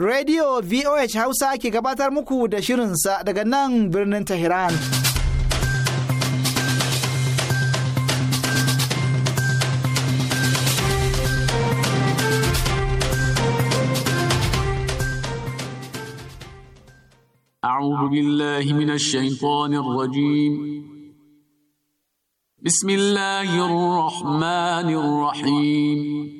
Radio VOH Hausa ke gabatar muku da shirin sa daga nan birnin Tehran. A'udhu billahi minash shaitanir rajim. Bismillahirrahmanirrahim. Bismillahirrahmanirrahim.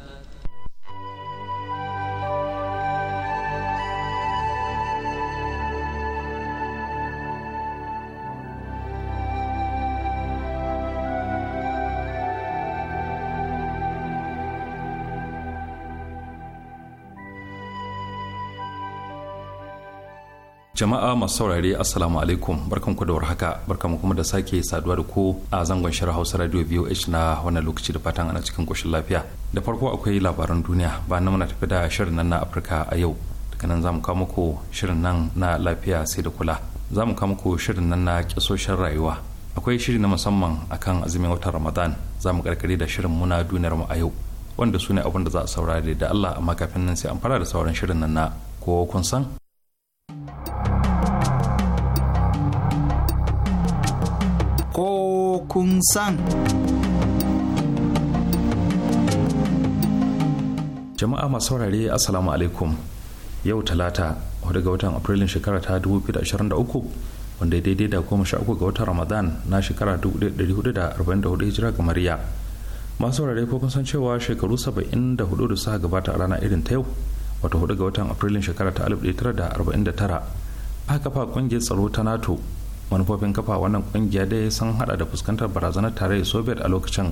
jama'a masu saurare assalamu alaikum barkan ku da warhaka barkan kuma da sake saduwa da ku a zangon shirin hausa radio voh na wannan lokaci da fatan ana cikin koshin lafiya da farko akwai labaran duniya ba na muna tafi da shirin nan na afirka a yau daga nan zamu kawo muku shirin nan na lafiya sai da kula zamu mu kawo muku shirin nan na kisoshin rayuwa akwai shiri na musamman akan azumin watan ramadan zamu karkare da shirin muna duniyar mu a yau wanda su ne abin da za a saurare da allah amma kafin nan sai an fara da sauran shirin nan na ko kun san kun san. Jama'a masu saurare Assalamu alaikum yau talata wadda ga watan Afrilun shekara ta 2023 wanda ya daidai da goma sha uku ga watan Ramadan na shekara 1444 hijira ga Mariya. Masu saurare ko kun san cewa shekaru 74 da suka gabata a rana irin ta yau wata hudu ga watan Afrilun shekara ta 1949 aka kafa kungiyar tsaro ta NATO manufofin kafa wannan kungiya dai sun hada da fuskantar barazanar tarayyar soviet a lokacin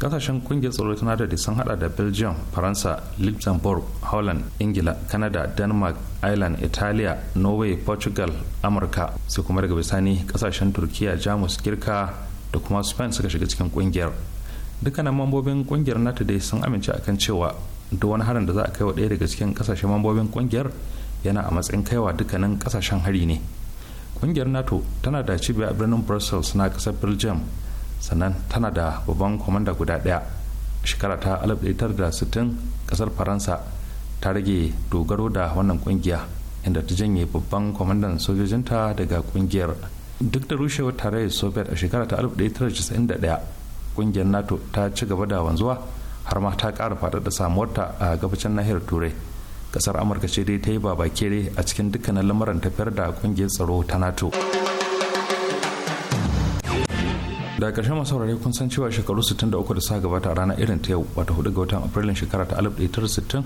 kasashen kungiyar tsaro ta nada da sun hada da belgium faransa luxembourg holland ingila canada denmark ireland italiya norway portugal amurka sai kuma daga bisani kasashen turkiya jamus girka da kuma spain suka shiga cikin kungiyar dukkanin mambobin kungiyar nata dai sun amince akan cewa duk wani harin da za a kai wa daya daga cikin kasashen mambobin kungiyar yana a matsayin kaiwa dukkanin kasashen hari ne kungiyar nato tana da cibiyar a birnin brussels na kasar belgium sannan tana da babban kwamanda guda ɗaya shekara ta 1960 kasar faransa ta rage dogaro da wannan kungiya inda ta janye babban kwamandan sojojinta daga kungiyar duk da rushewar tarayyar soviet a shekara ta 1991 kungiyar nato ta ci gaba da wanzuwa har ma ta ƙara faɗaɗa samuwarta a gabacin nahiyar turai kasar amurka ce dai ta yi babakere a cikin dukkanin lamuran tafiyar da kungiyar tsaro ta nato da ƙarshen masu saurare kun san cewa shekaru 63 da suka gabata a ranar irin ta yau wata hudu ga watan afrilun shekara ta 1960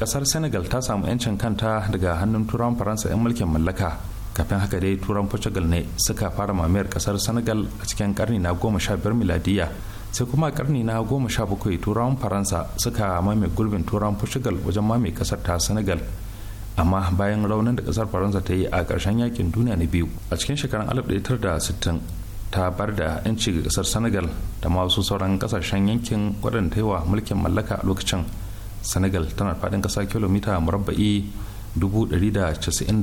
kasar senegal ta samu 'yancin kanta daga hannun turawan faransa 'yan mulkin mallaka kafin haka dai turan portugal ne suka fara mamayar kasar senegal a cikin karni na 15 miladiyya sai kuma a karni na goma sha bakwai turawan faransa suka mame gurbin turawan portugal wajen mame kasar ta senegal amma bayan raunin da kasar faransa ta yi a karshen yakin duniya na biyu a cikin shekarun 1960 ta bar da 'yanci ga kasar senegal da masu sauran kasashen yankin waɗanda ta yi wa mulkin mallaka a lokacin senegal tana faɗin ƙasa kilomita murabba'i da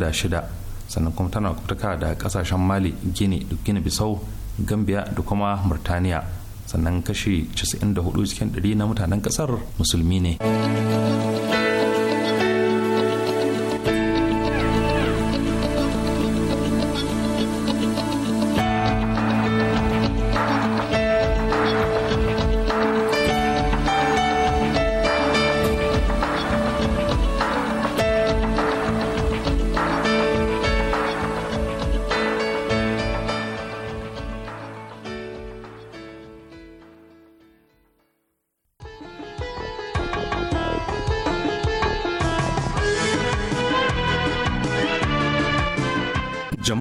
da shida sannan kuma tana kutuka da kasashen mali gini gini bisau gambia da kuma murtaniya sannan kashi 94 cikin 100 na mutanen kasar musulmi ne.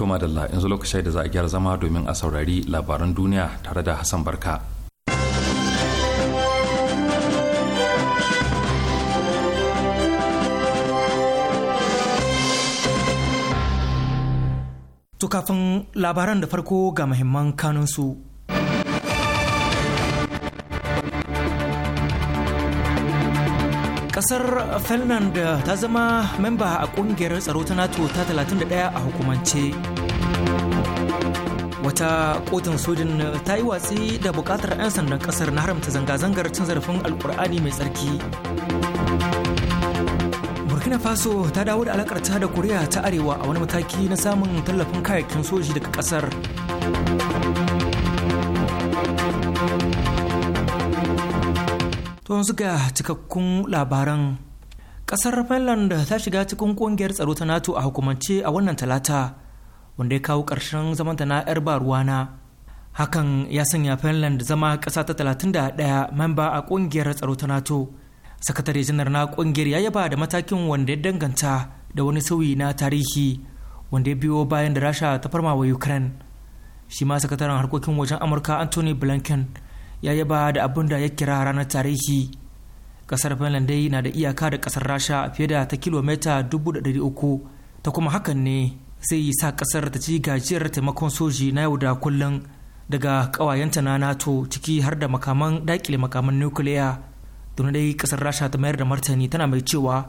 Toma Dalla yanzu lokacin da za a gyara zama domin a saurari labaran duniya tare da Hassan Barka. Tukafin labaran da farko ga muhimman kanunsu. kasar finland ta zama memba a kungiyar tsaro ta nato ta 31 a hukumance wata kotun sojin ta yi watsi da bukatar 'yan sandan kasar na haramta zanga-zangar cin zarafin alkur'ani mai tsarki burkina faso ta dawo da alakarta da koriya ta arewa a wani mataki na samun tallafin kayakin soji daga kasar To yanzu ga cikakkun labaran. Ƙasar Finland ta shiga cikin ƙungiyar tsaro ta NATO a hukumance a wannan talata wanda ya kawo ƙarshen zamanta na 'yar ruwana. Hakan ya sanya Finland zama ƙasa ta 31 memba a ƙungiyar tsaro ta NATO. Sakatare janar na ƙungiyar ya yaba da matakin wanda ya danganta da wani sauyi na tarihi wanda ya biyo bayan da Rasha ta farma wa Ukraine. Shi ma sakataren harkokin wajen Amurka Anthony Blinken ya yaba da abin da ya kira ranar tarihi kasar finland dai na da iyaka da kasar rasha fiye da ta kilomita dubu 300 ta kuma hakan ne zai sa kasar ta ci gajiyar taimakon soji na yau da kullum daga kawayenta na nato ciki har da makaman dakile makaman nukiliya don dai kasar rasha ta mayar da martani tana mai cewa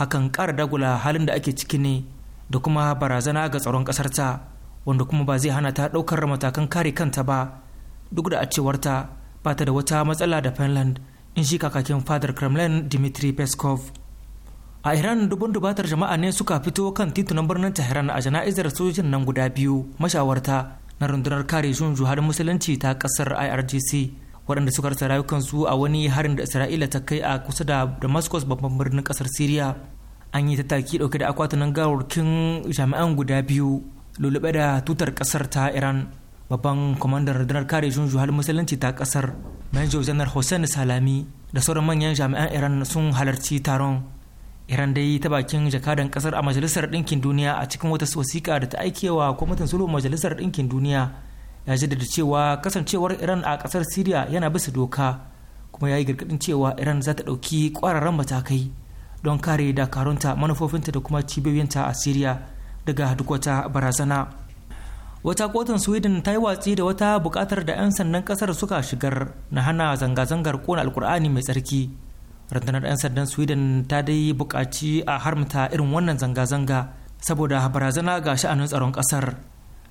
hakan kara dagula halin da ake ciki ne da kuma barazana ga tsaron kasar ta wanda kuma ba zai hana ta daukar matakan kare kanta ba duk da a cewarta ba ta da wata matsala da finland in shi kakakin fadar kremlin dmitry peskov a iran dubun dubatar jama'a ne suka fito kan titunan birnin tehran a jana'izar sojojin nan guda biyu mashawarta na rundunar kare jun juhar musulunci ta kasar irgc waɗanda suka rasa rayukansu a wani harin da isra'ila ta kai a kusa da damascus babban birnin kasar syria an yi tattaki ɗauke da akwatunan gawarkin jami'an guda biyu lulluɓe da tutar kasar ta iran babban kwamandar rundunar kare junju har musulunci ta kasar manjo janar hussein salami da sauran manyan jami'an iran sun halarci taron iran dai ta bakin jakadan kasar a majalisar ɗinkin duniya a cikin wata wasiƙa da ta aikewa kwamitin sulhu majalisar ɗinkin duniya ya jaddada cewa kasancewar iran a kasar syria yana bisa doka kuma ya yi gargaɗin cewa iran za ta ɗauki ƙwararren matakai don kare dakarunta manufofinta da kuma cibiyoyinta a syria daga duk wata barazana wata kotun sweden ta yi watsi da wata bukatar da 'yan sandan kasar suka shigar na hana zanga-zangar kona alkur'ani mai tsarki rundunar 'yan sandan sweden ta dai bukaci a harmata irin wannan zanga-zanga saboda barazana ga sha'anin tsaron kasar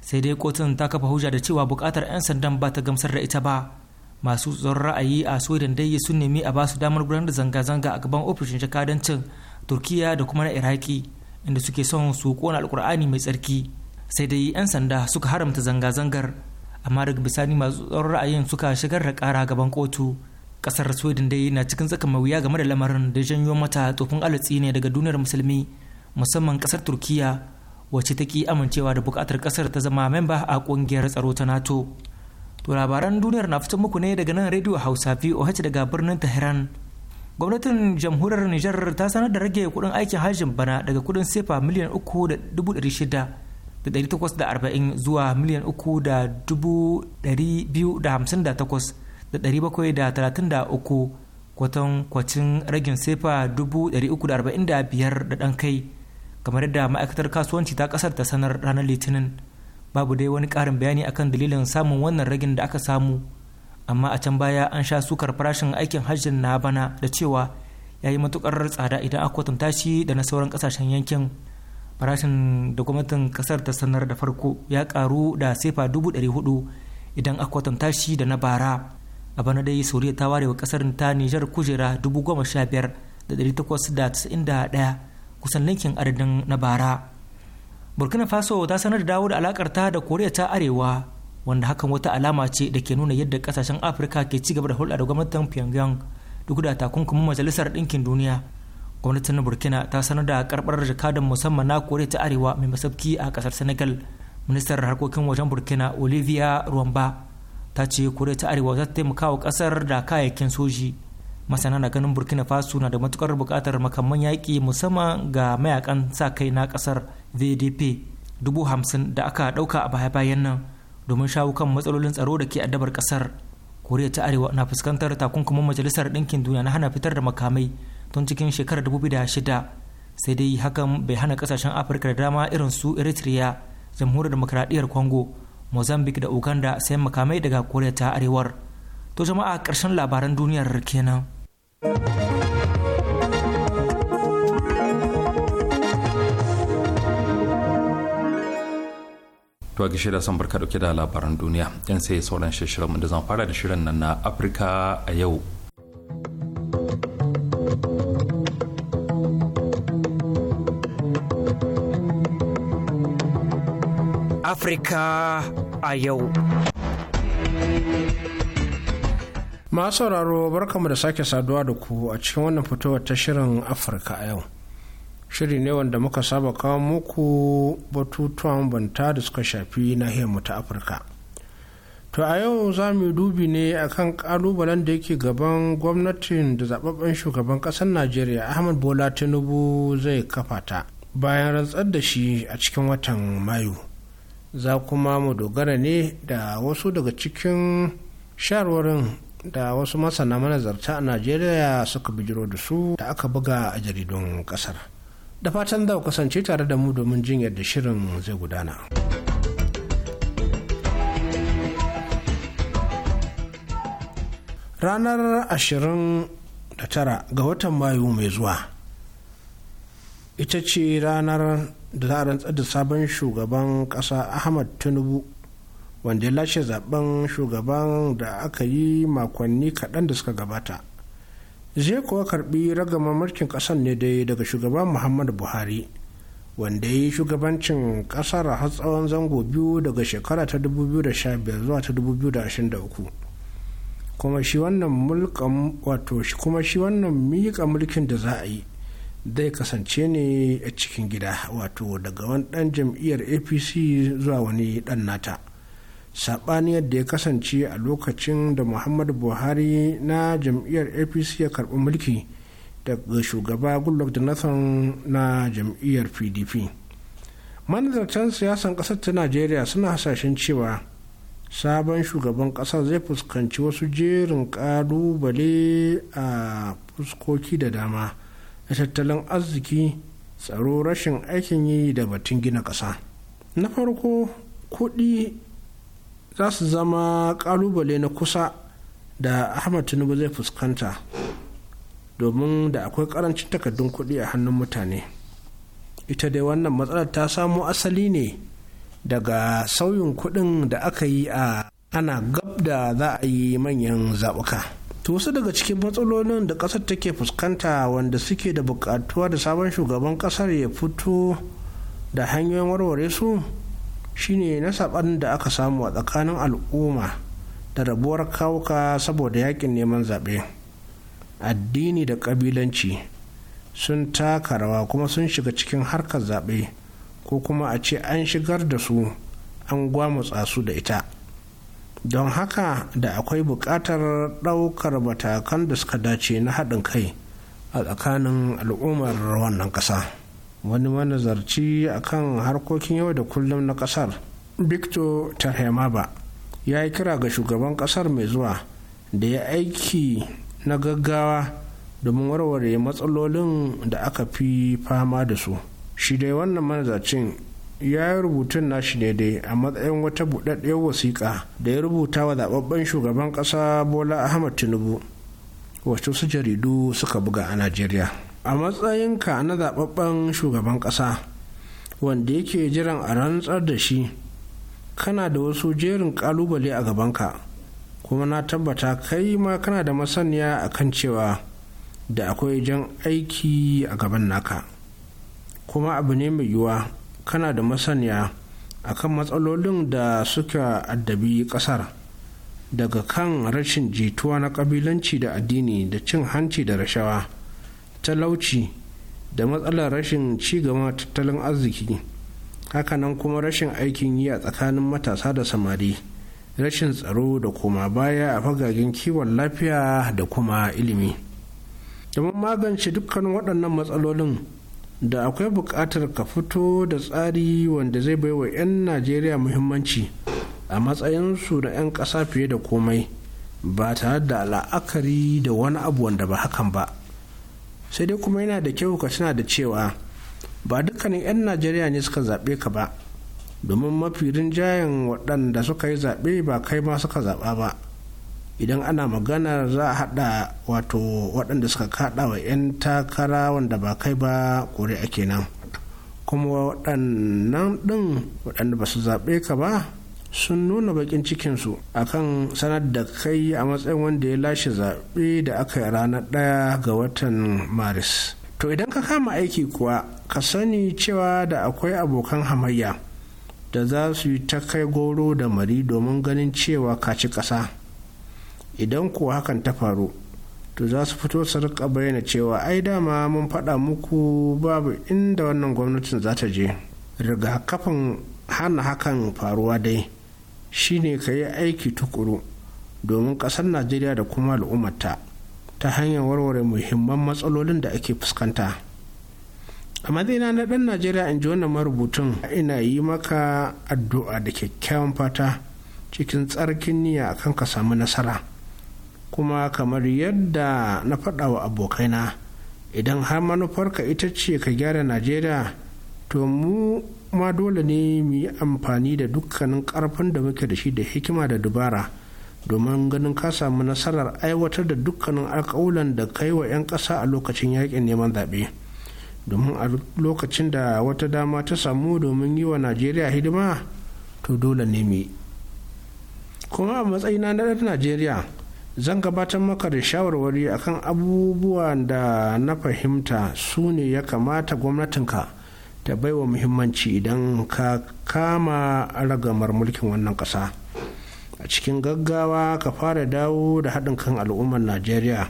sai dai kotun ta kafa hujja da cewa bukatar 'yan sandan ba ta gamsar da ita ba masu tsoron ra'ayi a sweden dai sun nemi a basu damar gudanar da zanga-zanga a gaban ofishin jakadancin turkiya da kuma na iraki inda suke son su kona alkur'ani mai tsarki sai dai 'yan sanda suka haramta zanga-zangar amma daga bisani masu tsoron ra'ayin suka shigar da kara gaban kotu kasar sweden dai na cikin tsakan mawuya game da lamarin da janyo mata tsofin alatsi ne daga duniyar musulmi musamman kasar turkiya wacce ta ki amincewa da bukatar kasar ta zama memba a kungiyar tsaro ta nato to labaran duniyar na fitan muku ne daga nan radio hausa voh daga birnin tahiran gwamnatin jamhuriyar nijar ta sanar da rage kudin aikin hajjin bana daga kudin sefa miliyan uku da dubu shida 1,840 zuwa miliyan 3,258,733 kwatan kwacin ragin sefa 345 da ɗan kai kamar yadda ma'aikatar kasuwanci ta ƙasar ta sanar ranar litinin babu dai wani ƙarin bayani akan dalilin samun wannan ragin da aka samu amma a can baya an sha sukar farashin aikin hajjin na bana da cewa ya yi matukar tsada idan aka kwatanta shi da na sauran ƙasashen yankin farashin da gwamnatin kasar ta sanar da farko ya karu da sefa dubu ɗari hudu idan aka kwatanta shi da na bara a bana dai sauriya ta ware wa kasar ta nijar kujera dubu goma sha biyar da dari takwas da tasa'in da daya kusan linkin adadin na bara burkina faso ta sanar da dawo da alakar ta da koriya ta arewa wanda hakan wata alama ce da ke nuna yadda kasashen afirka ke ci gaba da hulɗa da gwamnatin pyongyang duk da takunkumin majalisar ɗinkin duniya gwamnatin burkina ta sanar da karbar jakadan musamman na koriya ta arewa mai masabki a kasar senegal ministar harkokin wajen burkina olivia ruwamba ta ce koriya ta arewa za ta taimaka wa kasar da kayayyakin soji masana na ganin burkina faso na da matukar bukatar makamman yaƙi musamman ga mayakan sa kai na kasar vdp dubu hamsin da aka ɗauka a baya-bayan nan domin shawo kan matsalolin tsaro da ke addabar kasar koriya ta arewa na fuskantar takunkumin majalisar ɗinkin duniya na hana fitar da makamai tun cikin shekarar 2006 sai dai hakan bai hana kasashen afirka da dama irin su eritrea jamhuriyar demokradiyyar congo mozambique da uganda sai makamai daga koriya ta arewar to jama'a karshen labaran duniyar kenan To ga da son barka dauke da labaran duniya yan sai sauran shirin da zan fara da shirin nan na Afirka a yau. Afirka a yau. Masu sauraro barkamu da sake saduwa da ku a cikin wannan fitowar ta shirin Afirka a yau. Shiri ne wanda muka saba kawo muku batutuwan banta da suka shafi nahiyarmu ta Afirka. to a yau za mu dubi ne akan kalubalen da yake gaban gwamnatin da zababben shugaban kasar najeriya ahmad bola tinubu zai kafa ta bayan rantsar da shi a cikin watan mayu za kuma mu dogara ne da wasu daga cikin shawarwarin da wasu masana manazarta a najeriya suka bijiro da su da aka buga a jaridun kasar da fatan za kasance tare da mu domin jin yadda shirin zai gudana. ranar 29 ga watan mayu mai zuwa ita ce ranar da za a rantsar da sabon shugaban ƙasa ahmad tinubu wanda ya lashe zaben shugaban da aka yi makonni kaɗan da suka gabata zai kuwa karbi ragama mulkin ƙasar ne dai daga shugaban muhammadu buhari wanda ya yi shugabancin ƙasar har tsawon zango biyu daga shekara ta 2015 zuwa ta 2023 kuma shi wannan mulkan wato kuma shi wannan miƙa mulkin da za a yi zai kasance ne a cikin gida wato daga wani ɗan jam'iyyar apc zuwa wani ɗan nata saɓani yadda ya kasance a lokacin da muhammadu buhari na jam'iyyar apc ya karɓi mulki daga shugaba goodluck jonathan na jam'iyyar pdp manazartan siyasan ƙasar ta najeriya suna hasashen cewa sabon shugaban ƙasar zai fuskanci wasu jerin ƙalubale a fuskoki da dama na tattalin arziki tsaro rashin aikin yi da batun gina ƙasa na farko kuɗi za su zama ƙalubale na kusa da ahmad tinubu zai fuskanta domin da akwai ƙarancin takardun kuɗi a hannun mutane ita dai wannan matsalar ta samo asali ne daga sauyin kuɗin da aka yi a ana gab da za a yi manyan zaɓuka. To wasu daga cikin matsalolin da ƙasar take fuskanta wanda suke da buƙatuwa da sabon shugaban ƙasar ya fito da hanyoyin warware su shine na saɓan da aka samu a tsakanin al'umma da rabuwar kawuka saboda yakin neman zaɓe. Addini da ƙabilanci sun taka rawa kuma sun shiga cikin harkar zaɓe. ko kuma a ce an shigar da su an gwamutsa su da ita don haka da akwai buƙatar ɗaukar matakan da suka dace na haɗin kai a tsakanin al'ummar wannan ƙasa wani manazarci a kan harkokin yau da kullum na ƙasar victor tarhemaba ya yi kira ga shugaban ƙasar mai zuwa da ya aiki na gaggawa domin warware matsalolin da aka fi fama da su. shi dai wannan manazacin ya yi rubutun nashi daidai a matsayin wata buɗaɗɗiyar wasiƙa da ya rubuta wa zaɓaɓɓen shugaban ƙasa bola ahmad tinubu wasu su jaridu suka buga a najeriya a matsayinka na zaɓaɓɓen shugaban ƙasa wanda yake jiran a rantsar da shi kana da wasu jerin ƙalubale a gabanka kuma na tabbata kai ma kana da masaniya akan cewa da akwai jan aiki a gaban naka. kuma abu ne mai yiwuwa kana da masaniya a kan matsalolin da suka addabi ƙasar daga kan rashin jituwa na kabilanci da addini da cin hanci da rashawa talauci da matsalar rashin cigaba tattalin arziki hakanan kuma rashin aikin yi a tsakanin matasa da samari rashin tsaro da koma baya a fagagen kiwon lafiya da kuma ilimi domin magance dukkan waɗannan matsalolin da akwai buƙatar ka fito da tsari wanda zai bai wa 'yan najeriya muhimmanci a matsayinsu na 'yan ƙasa fiye da komai ba tare da la'akari da wani abu wanda ba hakan ba sai dai kuma yana da kyau ka tuna da cewa ba dukkanin 'yan najeriya ne suka zaɓe ka ba domin mafi rinjayen waɗanda suka yi zaɓe ba kai ma suka zaɓa ba idan ana magana za a hada wato waɗanda suka kada wa 'yan takara wanda ba kai ba ƙuri'a kenan kuma waɗannan ɗin waɗanda ba su zaɓe ka ba sun nuna baƙin cikinsu a kan sanar da kai a matsayin wanda ya lashe zaɓe da aka yi ranar ɗaya ga watan maris to idan ka kama aiki kuwa ka sani cewa da akwai abokan hamayya da za su yi ta kai goro da mari domin ganin cewa ka ci ƙasa idan kuwa hakan ta faru to za su fito su rika bayyana cewa ai dama mun faɗa muku babu inda wannan gwamnatin za ta je rigakafin hana hakan faruwa dai shine ka yi aiki tukuru domin ƙasar najeriya da kuma al'ummata ta hanyar warware muhimman matsalolin da ake fuskanta a madina na ɗan najeriya in ji wannan marubutun ina yi maka addu'a da kyakkyawan fata cikin tsarkin niyya akan ka samu nasara kuma kamar yadda na faɗa wa abokaina idan har manufarka ita ce ka gyara najeriya to mu ma dole ne mu yi amfani da dukkanin ƙarfin da muke da shi da hikima da dubara domin ganin ka samu nasarar aiwatar da dukkanin alƙawulan da kai wa 'yan ƙasa a lokacin yaƙin neman zaɓe domin a lokacin da wata dama ta samu domin yi wa najeriya hidima to dole ne mu yi. kuma a matsayina na najeriya zan gabatar maka da shawarwari akan abubuwan da na fahimta su ne ya kamata gwamnatinka ta baiwa muhimmanci idan ka kama ragamar mulkin wannan ƙasa a cikin gaggawa ka fara dawo da haɗin kan al'ummar najeriya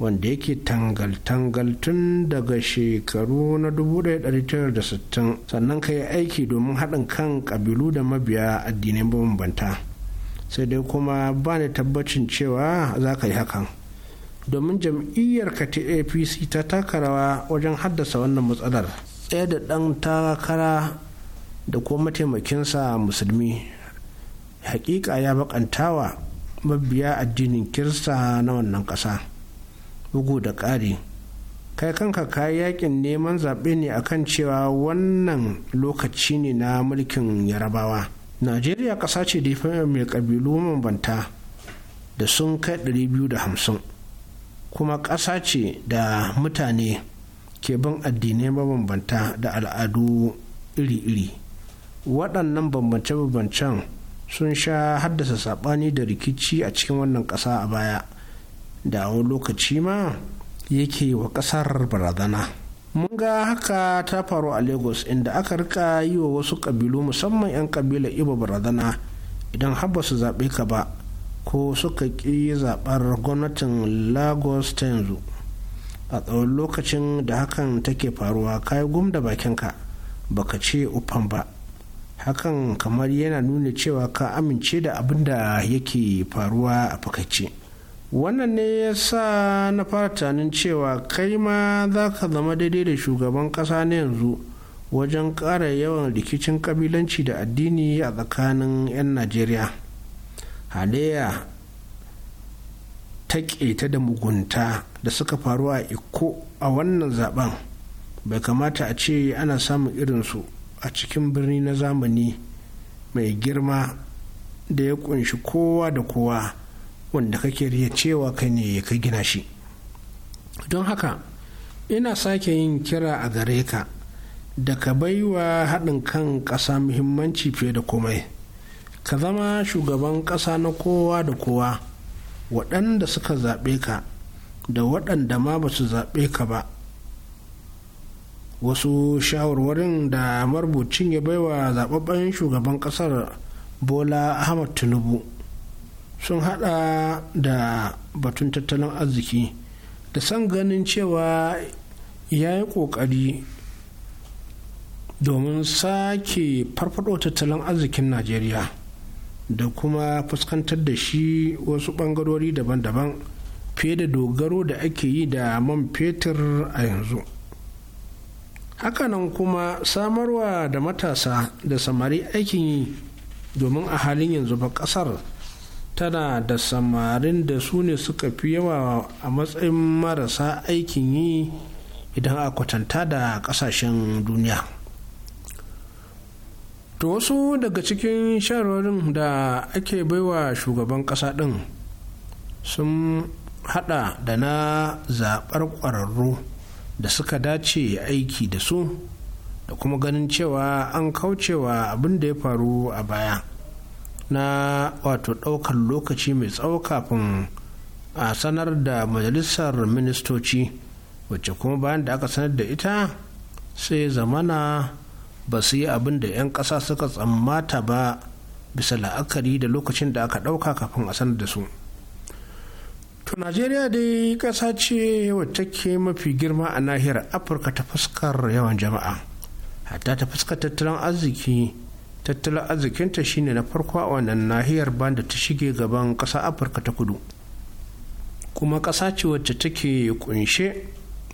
wanda yake tangal-tangal tun daga shekaru na 1960 sannan ka yi aiki domin haɗin kan ƙabilu da mabiya addinai mabambanta. sai dai kuma ba ni tabbacin cewa za ka yi hakan domin jam'iyyar ka ta apc ta taka rawa wajen haddasa wannan matsalar tsaye da ɗan takara da ko mataimakinsa musulmi hakika ya bakantawa mabiya addinin kirista na wannan ƙasa bugu da ƙari kai kanka ka yakin neman zaɓe ne akan cewa wannan lokaci ne na mulkin yarabawa najeriya ƙasa ce da ya mai ƙabilu mabanta da sun kai 250 kuma ƙasa ce da mutane ke bin addinai mabambanta da al'adu iri-iri waɗannan bambance-bambancen sun sha haddasa saɓani da rikici a cikin wannan ƙasa a baya da wani lokaci ma yake wa ƙasar barazana. mun ga haka ta faru a lagos inda aka rika yi wa wasu kabilu musamman 'yan ƙabilar ibo barazana idan har ba su zaɓe ka ba ko suka ƙi zaɓar gwamnatin lagos ta yanzu a tsawon lokacin da hakan take faruwa kayi gum da bakinka baka ce uffan ba hakan kamar yana nuna cewa ka amince da abin da yake faruwa a fakacce wannan ne ya sa na fara tunanin cewa kai ma za ka zama daidai da shugaban ƙasa na yanzu wajen ƙara yawan rikicin ƙabilanci da addini a tsakanin 'yan najeriya halayya ta keta da mugunta da suka faru a iko a wannan zaben bai kamata a ce ana samun irinsu a cikin birni na zamani mai girma da ya kunshi kowa da kowa wanda kake riya cewa kai ne ka gina shi don haka ina sake yin kira a gare ka da ka baiwa haɗin kan ƙasa muhimmanci fiye da komai ka zama shugaban ƙasa na kowa da kowa waɗanda suka zaɓe ka da waɗanda ma ba su zaɓe ka ba wasu shawarwarin da marubucin ya baiwa zaɓaɓɓen shugaban ƙasar bola ahmad tinubu sun hada da batun tattalin arziki da san ganin cewa ya yi kokari domin sake farfado tattalin arzikin najeriya da kuma fuskantar da shi wasu bangarori daban-daban fiye da dogaro da ake yi da man fetur a yanzu hakanan kuma samarwa da matasa da samari aikin yi domin a halin yanzu ba kasar tana da samarin da su ne suka fi yawa a matsayin marasa aikin yi idan a kwatanta da kasashen duniya to wasu daga cikin shawarwarin da ake baiwa shugaban kasa din sun hada da na zaɓar ƙwararru da suka dace aiki da su da kuma ganin cewa an kaucewa abin da ya faru a baya na wato ɗaukar lokaci mai tsawo kafin a sanar da majalisar ministoci wacce kuma bayan da aka sanar da ita sai zamana ba su yi abin da 'yan ƙasa suka tsammata ba bisa la'akari da lokacin da aka ɗauka kafin a sanar da su to najeriya dai ƙasa ce wacce ke mafi girma a nahiyar afirka ta fuskar yawan jama'a hatta ta fuskar tattalin arziki tattalin arzikinta shine na farko a wannan nahiyar banda ta shige gaban ƙasa afirka ta kudu kuma ƙasa ce wacce take kunshe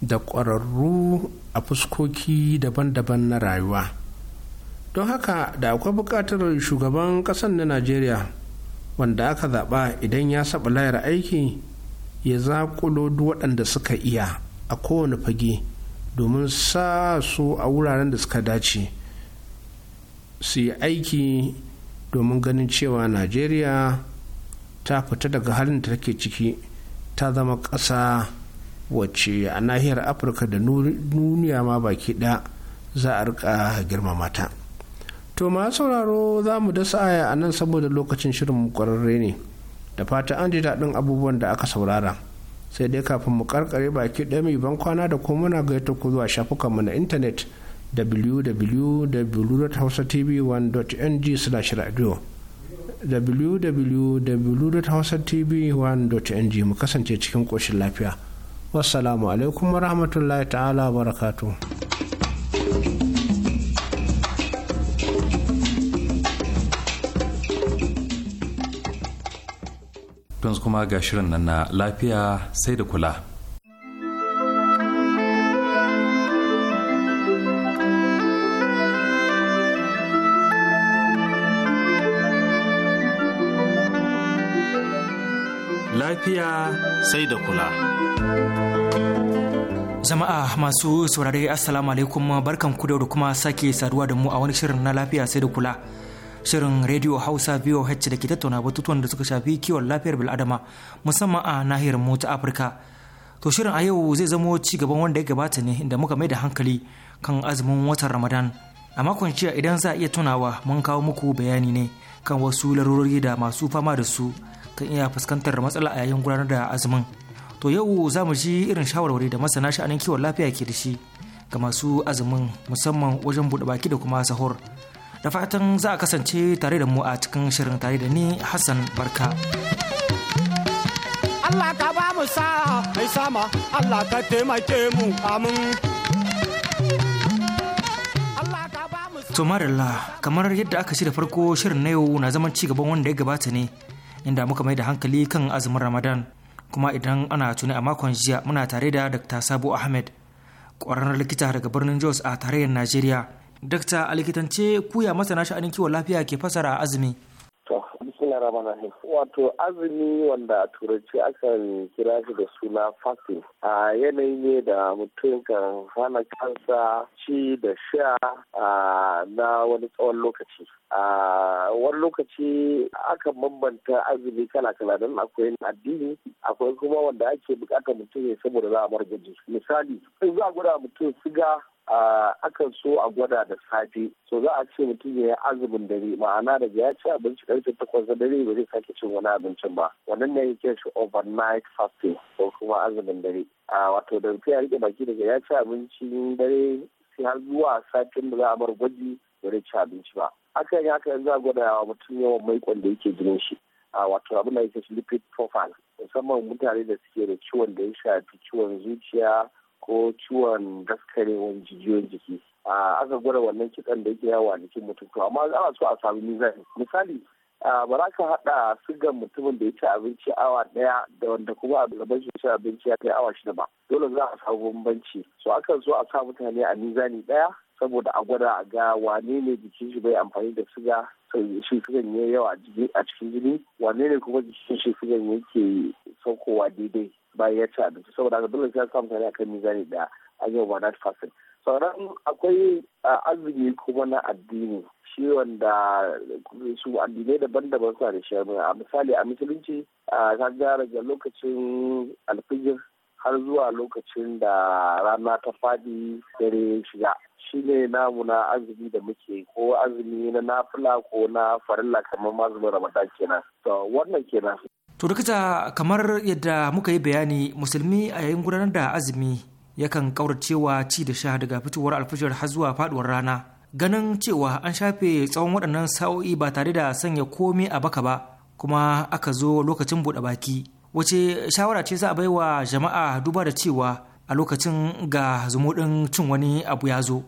da ƙwararru a fuskoki daban-daban na rayuwa don haka da akwai buƙatar shugaban ƙasar na najeriya wanda aka zaɓa idan ya saba layar aiki ya zaƙulo duk waɗanda suka iya a kowane fage domin sa su a wuraren da suka dace su yi aiki domin ganin cewa najeriya ta fita daga halin da take ciki ta zama ƙasa wacce a nahiyar afirka da duniya ma baki ɗaya za a rika girmama ta to ma sauraro za mu dasa aya a nan saboda lokacin shirin ƙwararre ne da fata an ji daɗin abubuwan da aka saurara sai dai kafin mu karkare baki ɗaya mai ban kwana da kuma muna gaita ku zuwa shafukanmu na intanet www.hausatv1.ng/radio www.hausatv1.ng mu kasance cikin ƙoshin lafiya wassalamu alaikum wa rahmatullahi ta'ala wa barakatu. kuma ga shirin nan na lafiya sai da kula lafiya sai da kula. Jama'a masu saurare Assalamu alaikum barkan ku da kuma sake saduwa da mu a wani shirin na lafiya sai da kula. Shirin Radio Hausa VOH da ke tattauna batutuwan da suka shafi kiwon lafiyar bil'adama musamman a nahiyar mu ta Afirka. To shirin a yau zai zamo ci gaban wanda ya gabata ne da muka mai da hankali kan azumin watan Ramadan. A makon jiya idan za a iya tunawa mun kawo muku bayani ne kan wasu larurori da masu fama da su kan iya fuskantar matsala a yayin gudanar da azumin to yau za mu ji irin shawarwari da masana sha'anin kiwon lafiya ke da shi ga masu azumin musamman wajen buɗe baki da kuma sahur da fatan za a kasance tare da mu a cikin shirin tare da ni hassan barka Allah ka ba mu sa mai sama Allah ka taimake mu amin to marilla kamar yadda aka shi da farko shirin na yau na zaman ci gaban wanda ya gabata ne inda muka mai da hankali kan azumin Ramadan kuma idan ana tuni a makon jiya muna tare da Dr. sabu Ahmed ƙwararren likita daga birnin Jos a tarayyar Najeriya. Dr. a likitance kuya masana sha'anin kiwon lafiya ke fasara azumi. bismillah wato azumi wanda a turanci akan kira shi da suna fasting a yanayi ne da mutum kan hana kansa ci da sha na wani tsawon lokaci a wani lokaci akan bambanta azumi kala kala don akwai addini akwai kuma wanda ake bukatar mutum ya saboda za a bar gaji. misali in za a gwada mutum siga akan so a gwada da safe so za a ce mutum ya yi azumin dare ma'ana daga ya ci abinci karfe takwas da dare ba zai sake cin wani abincin ba wannan ne yake shi overnight fasting ko kuma azumin dare wato da mutum ya rike baki daga ya ci abincin dare sai har zuwa satin da za a bar gwaji ba zai ci abinci ba Aka yi haka yanzu a gwada wa mutum yawan maikon da yake jinin shi wato abin da yake shi lipid profile musamman mutane da suke da ciwon da ya shafi ciwon zuciya ko ciwon daskarewan jijiyoyin jiki aka gwada wannan kitsan da yake yawa jikin mutum to amma ana so a samu mizani misali ba za ka haɗa sigar mutumin da ya ci abinci awa ɗaya da wanda kuma a gaban shi ci abinci ya kai awa shida ba dole za a samu bambanci so akan so a sa mutane a mizani ɗaya saboda a gwada a ga wane ne jikin shi bai amfani da siga shi sigan ya yawa a cikin jini wane ne kuma jikin shi sigan yake saukowa daidai ba ya ci abinci saboda haka dole sai ya samu a kan mizani da an yi wa fasin sauran akwai azumi kuma na addini shi wanda su addinai daban-daban suna da shi a misali a musulunci ka ga daga lokacin alfijir har zuwa lokacin da rana ta fadi dare shiga shi ne namu na azumi da muke ko azumi na nafila ko na farilla kamar mazumin ramadan kenan to wannan kenan to rikita kamar yadda muka yi bayani musulmi a yayin gudanar da azumi yakan kauracewa ci da sha daga fitowar alfashar har zuwa faduwar rana ganin cewa an shafe tsawon waɗannan sa'o'i ba tare da sanya komai a baka ba kuma aka zo lokacin buɗe baki wace shawara ce za a baiwa jama'a duba da cewa a lokacin ga zumuɗin cin wani abu ya zo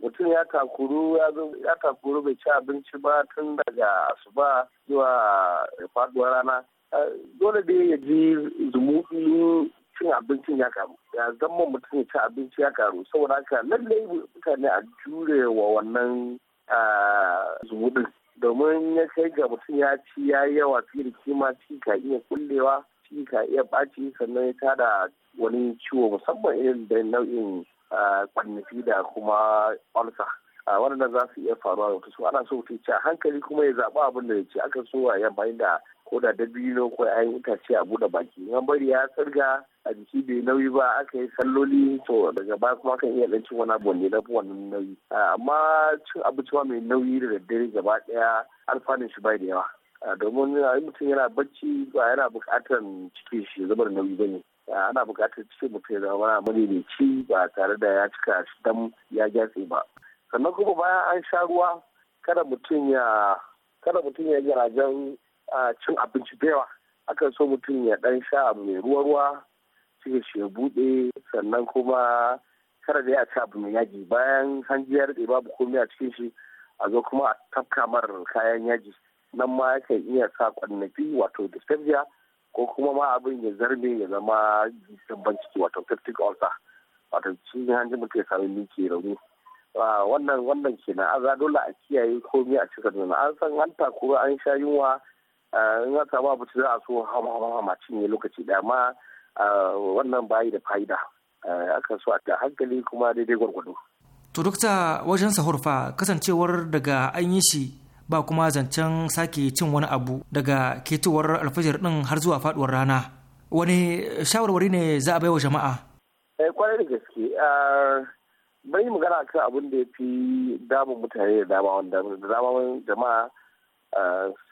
mutum ya takuru ya takuru bai ci abinci ba tun daga asuba zuwa faduwar rana dole da ya ji zumuɗi cin abincin ya karu ya zama mutum ya ci abinci ya karu saboda haka lallai mutane a jure wa wannan zumuɗin domin ya kai ga mutum ya ci ya yawa fiye da kima ci ka iya kullewa ci ka iya ɓaci sannan ya tada wani ciwo musamman irin da nau'in kwannifi da kuma ulcer a waɗanda za su iya faruwa da su ana so mutum ci a hankali kuma ya zaɓa abin da ya ci aka so a yamma da ko da dabino ko ayan itace a buɗe baki in bari ya sarga a jiki bai nauyi ba aka yi salloli to daga baya kuma kan iya dan cin wani abu ne na wannan nauyi ah, amma cin abinci ma mai nauyi da daddare gaba daya alfanun shi bai da yawa ah, domin mutum yana bacci ba yana bukatar cikin shi Zubar da nauyi bane ah, ana bukatar cikin mutum ya zama ci ba tare da ya cika shi dam ya gyatse ba sannan kuma bayan an sha ruwa kada mutum ya kada mutum ya yi garajen cin abinci da yawa akan so mutum ya dan sha mai ruwa ruwa cikin shi ya bude sannan kuma kada da ya ci abu mai yaji bayan hanji ya rike babu komai a cikin shi a zo kuma a tafka mara kayan yaji nan ma yakan iya sa kwannafi wato dyspepsia ko kuma ma abin ya zarbe ya zama dabban ciki wato peptic ulcer wato cikin hanji mutum ya sami miki rauni wannan wannan kenan a za dole a kiyaye komai a cikin nan an san hanta ko an sha yunwa Eh, in aka samu abu za a so hama cinye lokaci da ma eh, wannan bayi da fa'ida eh, aka so a hankali kuma daidai gwargwado. to dokta wajen sahur kasancewar daga an yi shi ba kuma zancen sake cin wani abu daga ketowar alfajir din har zuwa faduwar rana wani shawarwari ne za a baiwa jama'a kwarai da gaske bai magana kan abin da ya fi damun mutane da dama wanda da jama'a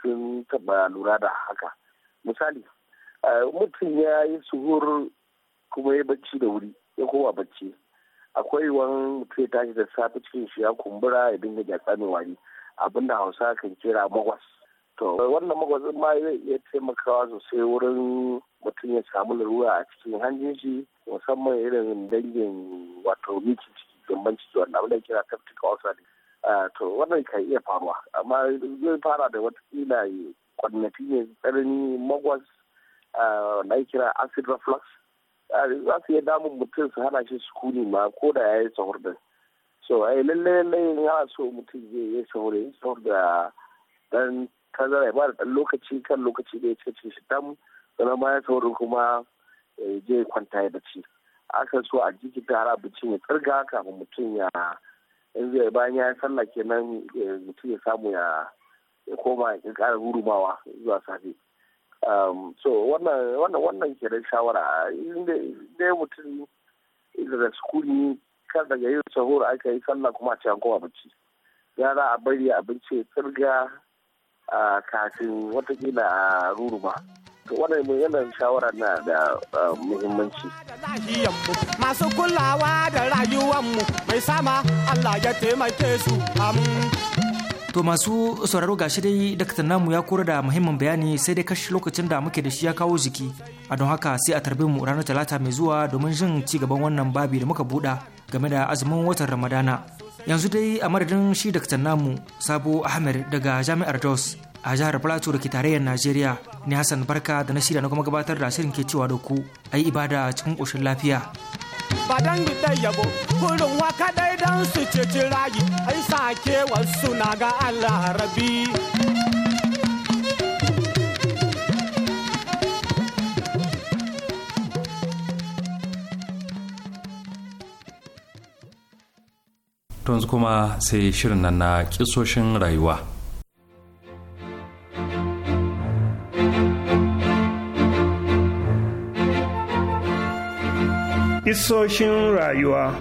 sun taba lura da haka misali mutum ya yi suhur kuma ya bacci da wuri ya koma bacci akwai wani mutum ya tashi da safe cikin shi ya kumbura ya dinga gyatsa mai wari abinda hausa kan kira magwas to wannan ma ya iya taimakawa sosai wurin mutum ya samu larura a cikin hanjin shi musamman irin dangin wato miki ciki gamban ciki wanda abin kira taftika ulcer to wannan kan iya faruwa amma zai fara da watakila kwannafi ne tsanani magwas na kira acid reflux za su iya damun mutum su hana shi sukuni ma ko da ya yi sahur din so ai lalle lalle ya so mutum zai yi sahur ya sahur da dan tazara ba da dan lokaci kan lokaci da ya ce shi dam sannan ma ya sahur kuma je kwanta ya bacci akan so a jiki tara abincin ya tsirga kafin mutum ya in zai bayan ya sallah kenan mutum ya samu ya koma ya ƙara rurumawa zuwa safe um, so wannan wannan kenan shawara dai mutum daga sukuni kan daga yin sahur aka yi sallah kuma a cikin kowa bacci gara a bari abinci ya tsirga kafin watakila a ruruma. wannan maganar shawara na da ah, muhimmanci. Masu kulawa da rayuwanmu mai sama Allah ya taimake su To masu sauraro gashi dai dakta namu ya kora da muhimmin bayani sai dai kashi lokacin da muke da shi ya kawo jiki. A don haka sai a tarbe mu ranar talata mai zuwa domin jin ci gaban wannan babi da muka buɗa game da azumin watan Ramadana. Yanzu dai a madadin shi dakta namu Sabo Ahmed daga Jami'ar Jos a jihar plateau da ke tarayyar najeriya ne hassan barka da na shirya na kuma gabatar da shirin ke cewa da ku a yi ibada cikin ƙoshin lafiya badan da yabo waka dai dan su ceci rayu ai sake wasu na ga allah rabi yanzu kuma sai shirin nan na kisoshin rayuwa Isoshin rayuwa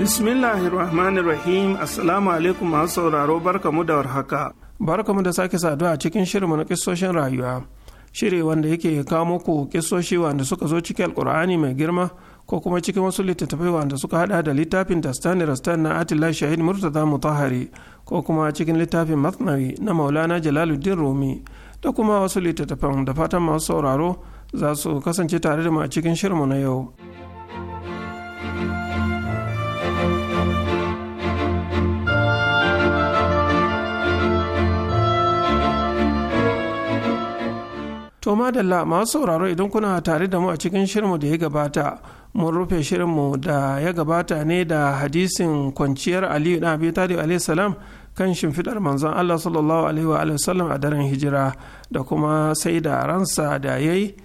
Bismillahirrahmanirrahim Assalamu alaikum masu sauraro barkamu da warhaka. Barkamu da sake saduwa a cikin shirinmu na kisoshin rayuwa. Shiri wanda yake kawo muku kisoshi wanda suka zo cikin alkur'ani mai girma ko kuma cikin wasu littattafai wanda suka hada da littafin Dastani Rastan na Atila Shahid Murtaza Mutahari ko kuma cikin littafin Matsnawi na Maulana Jalaluddin Rumi. da kuma wasu littattafan da fatan masu sauraro za su kasance tare da mu a cikin shirinmu na yau. To madalla masu sauraro idan kuna tare da mu a cikin shirinmu da ya gabata, mun rufe shirinmu da ya gabata ne da hadisin kwanciyar Aliyu na Abi Talib salam kan shimfidar manzon Allah sallallahu alaihi wa sallam a daren hijira da kuma sai da ransa da yayi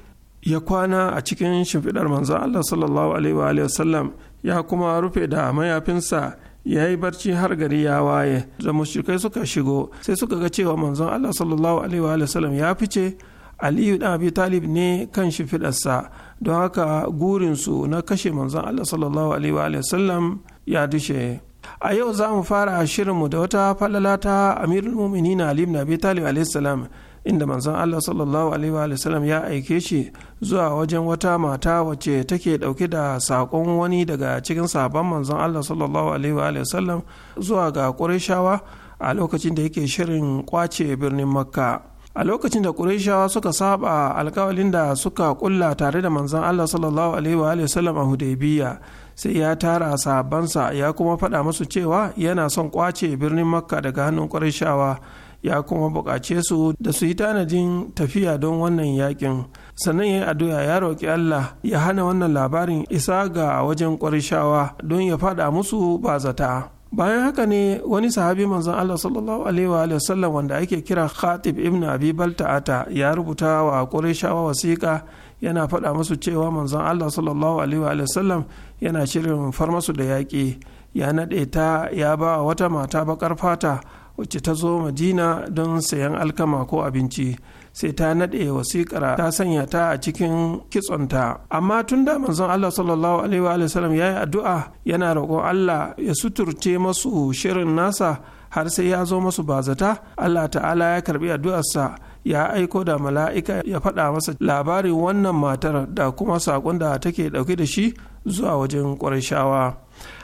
ya kwana a cikin shimfidar manzon Allah sallallahu alaihi wa sallam ya kuma rufe da mayafinsa ya yi barci har gari ya waye da mushrikai suka shigo sai suka ga cewa manzon Allah sallallahu alaihi wa sallam ya fice aliyu dan abi talib ne kan shimfidarsa. don haka gurinsu na kashe manzon Allah sallallahu alaihi wa sallam ya dushe a yau za mu fara a shirinmu da wata falala ta amirul muminin ali ibn abi talib alaihissalam inda manzon allah sallallahu alaihi wa sallam ya aike shi zuwa wajen wata mata wacce take dauke da sakon wani daga cikin sabon manzon allah sallallahu alaihi wa sallam zuwa ga qurayshawa a lokacin da yake shirin kwace birnin makka a lokacin da qurayshawa suka saba alkawalin da suka kulla tare da manzon allah sallallahu alaihi wa sallam a hudaybiya sai ya tara sahabbansa ya kuma faɗa musu cewa yana son kwace birnin makka daga hannun ƙwarishawa ya kuma buƙace su da su yi tanadin tafiya don wannan yakin sannan ya yi addu'a ya roƙi Allah ya hana wannan labarin isa ga wajen ƙwarishawa don ya faɗa musu ba zata. bayan haka ne wani sahabi manzon Allah sallallahu alaihi wa sallam wanda ake kira Khatib ibn Abi Balta'ata ya rubuta wa kwarishawa wasiƙa yana faɗa musu cewa manzon Allah sallallahu alaihi wa sallam yana shirin farmasu da yaƙi ya naɗe ta ya ba wata mata baƙar fata wacce ta zo madina don sayan alkama ko abinci sai ta naɗe wasiƙar ta sanya ta a cikin kitsonta amma tun da manzon Allah sallallahu alaihi wa sallam ya yi addu'a yana roƙon Allah ya suturce masu shirin nasa har sai ya zo masu bazata Allah ta'ala ya karbi addu'arsa ya aiko da mala'ika ya faɗa masa labarin wannan matar da kuma saƙon da take ɗauke da shi zuwa wajen ƙwarishawa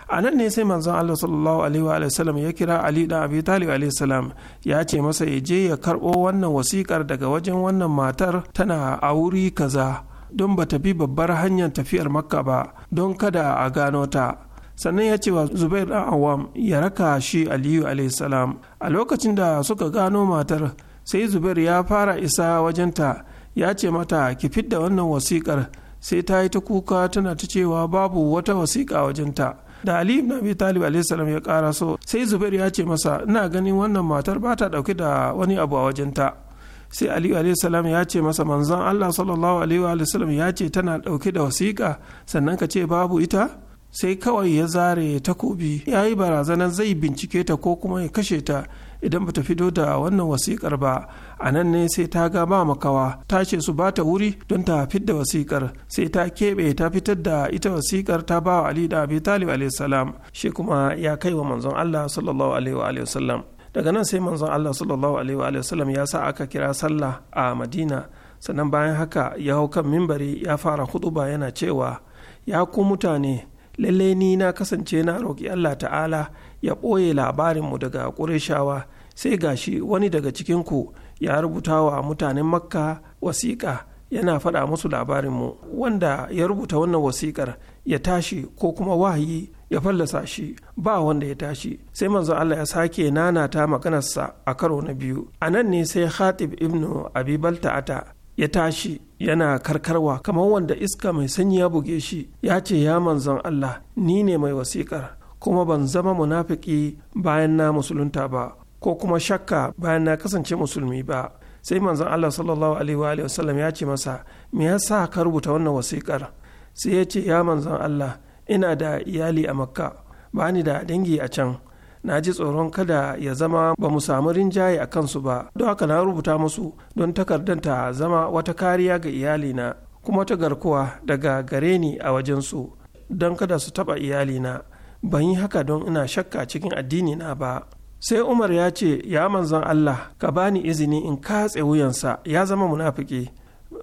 a nan ne sai manzon Allah sallallahu alaihi wa sallam ya kira Ali da Abi Talib alaihi salam ya ce masa ya je ya karɓo wannan wasikar daga wajen wannan matar tana a wuri kaza don ba ta bi babbar hanyar tafiyar Makka ba don kada a gano ta sannan ya ce wa zubair dan awam ya raka shi aliyu salam a lokacin da suka gano matar sai zubair ya fara isa wajenta ya ce mata ki fidda wannan wasikar sai ta yi ta kuka tana ta cewa babu wata wasiƙa wajenta da ali ibn abi talib alaihissalam ya ƙara so sai zubair ya ce masa ina ganin wannan matar ba ta ɗauki da wani abu a wajenta sai ali alaihissalam ya ce masa manzon allah sallallahu alaihi wasallam ya ce tana ɗauke da wasiƙa sannan ka ce babu ita sai kawai ya zare takobi ya yi barazanar zai bincike ta ko kuma ya kashe ta idan bata fito da wannan wasikar ba a nan ne sai ta ga ba makawa ta ce su bata wuri don ta fidda wasikar sai ta keɓe ta fitar da ita wasikar ta ba wa ali da abi talib alaihissalam shi kuma ya kai wa manzon allah sallallahu alaihi wa sallam daga nan sai manzon allah sallallahu alaihi wa sallam ya sa aka kira sallah a madina sannan bayan haka ya hau kan mimbari ya fara huduba yana cewa ya ku mutane lallai ni na kasance na roƙi allah ta'ala ya ɓoye labarinmu daga ƙureshawa sai gashi wani daga cikinku ya rubuta wa mutanen makka wasiƙa yana faɗa musu labarinmu wanda ya rubuta wannan wasiƙar ya tashi ko kuma wahayi ya fallasa shi ba wanda ya tashi sai manzon Allah ya sake nana nanata maganarsa a karo na biyu a nan ne sai Khatib ibnu Abi Balta'ata ya tashi yana karkarwa kamar wanda iska mai sanyi ya buge shi ya ce ya manzon Allah ni ne mai wasiƙar kuma ban zama munafiki bayan na musulunta ba ko kuma shakka bayan na kasance musulmi ba sai manzon Allah sallallahu alaihi wa sallam ya ce masa me yasa ka rubuta wannan wasiƙar? sai ya ce ya manzon Allah ina da iyali a makka ba ni da dangi a can na ji tsoron kada ya zama ba mu samu rinjaye a kansu ba don haka na rubuta musu don takardar ta zama wata kariya ga iyalina kuma ta garkuwa daga gare ni a wajensu don kada su taba iyalina ban yi haka don ina shakka cikin addini na ba sai umar ya ce ya manzon allah ka bani izini in katse wuyansa ya zama munafiki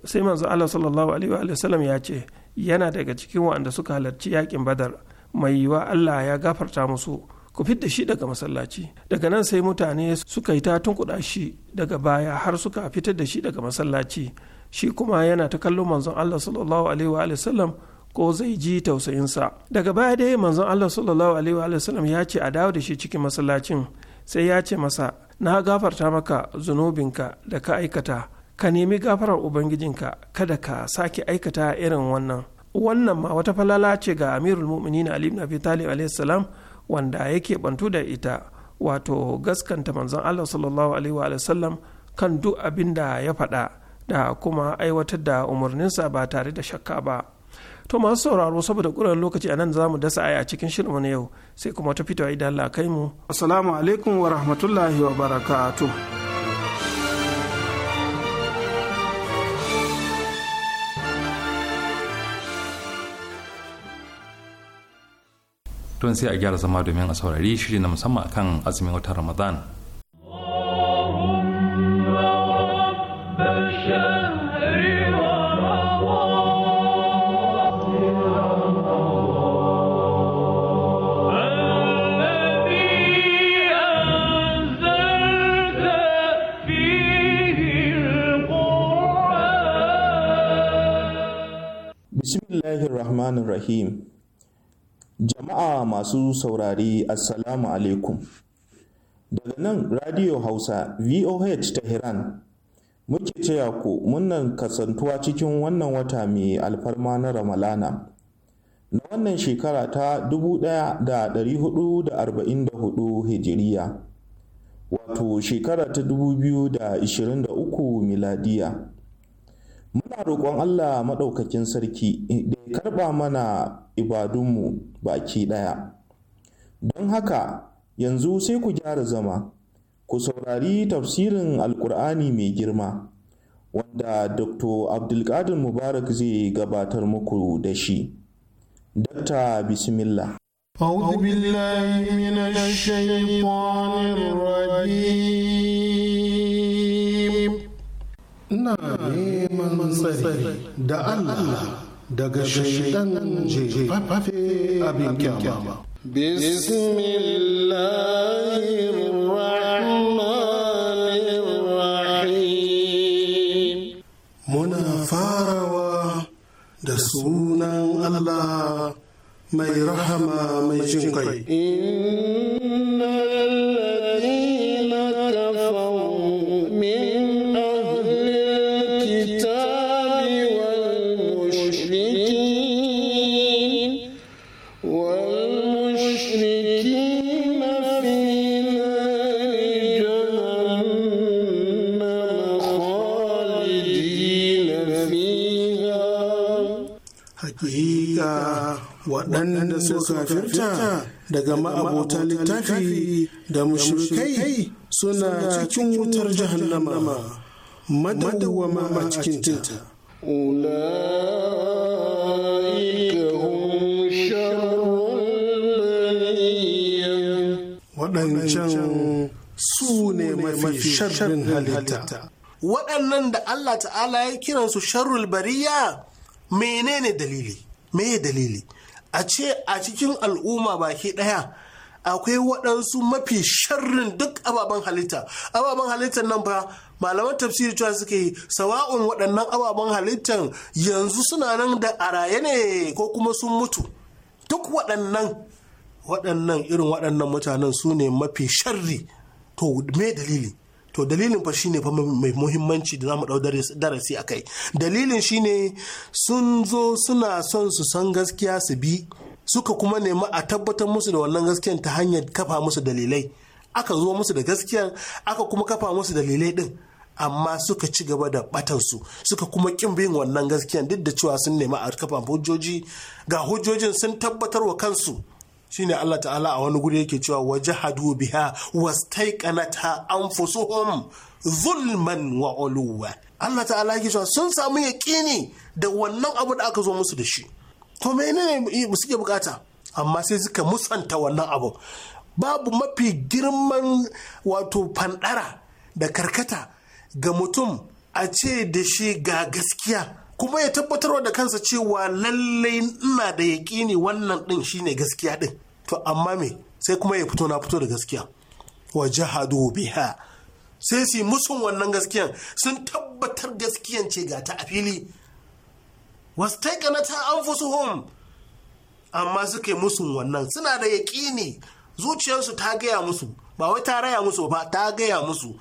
sai manzon allah sallallahu alaihi wa ya ce yana daga cikin waɗanda suka halarci yakin badar mai yiwa allah ya gafarta musu ku fidda shi daga masallaci daga nan sai mutane suka yi ta tunkuɗa shi daga baya har suka fitar da shi daga masallaci shi kuma yana ta kallon manzon allah sallallahu alaihi wa sallam ko zai ji tausayinsa daga baya dai manzon allah sallallahu alaihi wa sallam ya ce a dawo da shi cikin masallacin sai ya ce masa na gafarta maka zunubinka da ka aikata ka nemi gafarar ubangijinka kada ka sake aikata irin wannan wannan ma wata falala ce ga amirul mu'minin ali ibn abi talib alaihi salam wanda yake bantu da ita wato gaskanta manzon Allah sallallahu alaihi wa sallam kan duk abinda ya faɗa da kuma aiwatar da umarninsa ba tare da shakka ba to masu sauraro saboda ƙuran lokaci a nan za mu dasa aya cikin shirinmu na yau sai kuma ta fito idan Allah kai mu assalamu alaikum wa rahmatullahi wa barakatuh tun sai a gyara zama domin a saurari shiri na musamman akan azumin watan ramadan Rahmanir Rahim. Jama'a masu saurari Assalamu alaikum. Daga nan Radio Hausa VOH Tehran muke taya ku munnan kasantuwa cikin wannan wata mai alfarma na Ramalana. Na wannan shekara ta 1444 Hijiriya, wato shekara ta 2023 miladiya. Muna roƙon Allah maɗaukakin sarki karɓa mana ibadunmu baki ɗaya. Don haka yanzu sai ku gyara zama, ku saurari tafsirin Alƙur'ani mai girma, wanda Dr. Abdulkadir Mubarak zai gabatar muku da shi. Dakta Bismillah. أعوذ بالله من الشيطان الرجيم. نعم من صري da Allah. daga shaidan jefafe abin kyama. Muna farawa da sunan Allah mai rahama mai jin kai. hakika waɗanda suka firta daga ma'abota littafi da mashirkai suna cikin wutar jahannama madawwama a cikin tinta waɗancan su ne mafi shirin halitta waɗannan da Allah ta'ala ya kiransu sharrul bariya menene dalili meye dalili a ce a cikin al'umma baki ɗaya akwai waɗansu mafi sharrin duk ababen halitta ababen halittar nan ba malaman tafsiri cewa suke yi sawa'un waɗannan ababen halittar yanzu suna nan da a raye ne ko kuma sun mutu duk waɗannan waɗannan irin waɗannan mutanen su ne mafi sharri to me dalili to dalilin fa shine fa mai muhimmanci da zamu dau darasi akai dalilin shine sun zo suna son su san gaskiya su bi suka kuma nemi a tabbatar musu da wannan gaskiyan ta hanyar kafa musu dalilai aka zo musu da gaskiya aka kuma kafa musu dalilai din amma suka ci gaba da batansu suka kuma kin bin wannan gaskiyan duk da cewa sun nemi a kafa hujjoji ga hujjojin sun tabbatar wa kansu shine Allah ta'ala a wani guri yake cewa wajahadu biha wastaiqanata anfusuhum zulman wa uluwa Allah ta'ala yake cewa sun samu yaƙini da wannan abu da aka zo musu da shi to menene suke bukata amma sai suka musanta wannan abu babu mafi girman wato fandara da karkata ga mutum a ce da shi ga gaskiya kuma ya tabbatarwa da kansa cewa lallai ina da yaƙini wannan ɗin shine gaskiya ɗin to amma me sai kuma ya fito na fito da gaskiya wa jahadu biha sai su musun wannan gaskiyan sun tabbatar gaskiyan ce ga ta a fili wasu ta anfusuhum amma suka yi musun wannan suna da yaƙini zuciyarsu ta gaya musu ba wai ta raya musu ba ta gaya musu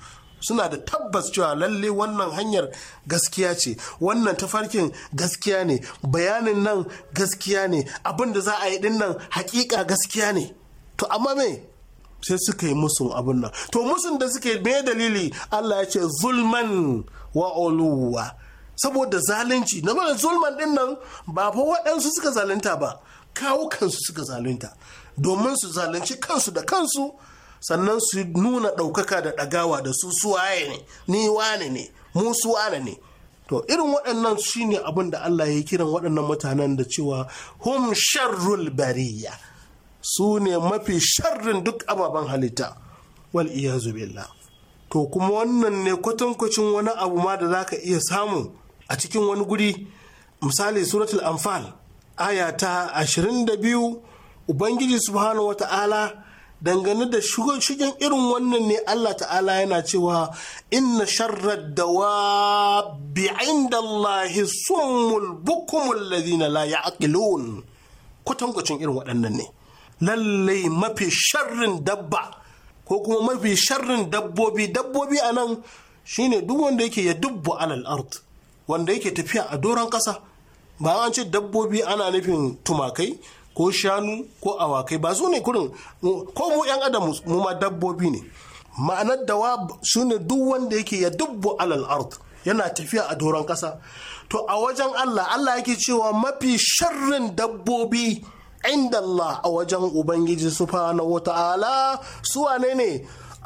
suna da tabbas cewa lalle wannan hanyar gaskiya ce wannan tafarkin gaskiya ne bayanin nan gaskiya ne abin da za a yi din nan hakika gaskiya ne to amma me sai suka yi musun abin nan to musun da suke me dalili Allah ya ce zulman wa uluwa saboda zalunci na mana zulman din nan ba fa waɗansu suka zalunta ba kawo suka zalunta domin su zalunci kansu da kansu sannan su nuna ɗaukaka da ɗagawa da su suwaye ne ni wane ne mu suwane ne to irin waɗannan shi ne abin da Allah ya kiran waɗannan mutanen da cewa hum sharrul bariya su ne mafi sharrin duk ababen halitta wal iyazu billah to kuma wannan ne kwatankwacin wani abu ma da zaka iya samu a cikin wani guri misali suratul anfal aya ta 22 ubangiji subhanahu wata'ala dangane da shigen irin wannan ne Allah ta'ala yana cewa inna sharrad dawa bi inda Allahi summul bukumul ladina la ya'qilun kwatankwacin irin waɗannan ne lallai mafi sharrin dabba ko kuma mafi sharrin dabbobi dabbobi a nan shine duk wanda yake ya dubbu alal ard wanda yake tafiya a doron ƙasa ba an ce dabbobi ana nufin tumakai ko shanu ko awakai ba su ne kurin ko mu 'yan adam mu ma dabbobi ne ma'anar da wa su ne duk wanda yake ya dubbo alal ard yana tafiya a doron kasa to a wajen Allah Allah yake cewa mafi sharrin dabbobi inda Allah a wajen Ubangiji subhanahu wa ta'ala su wane ne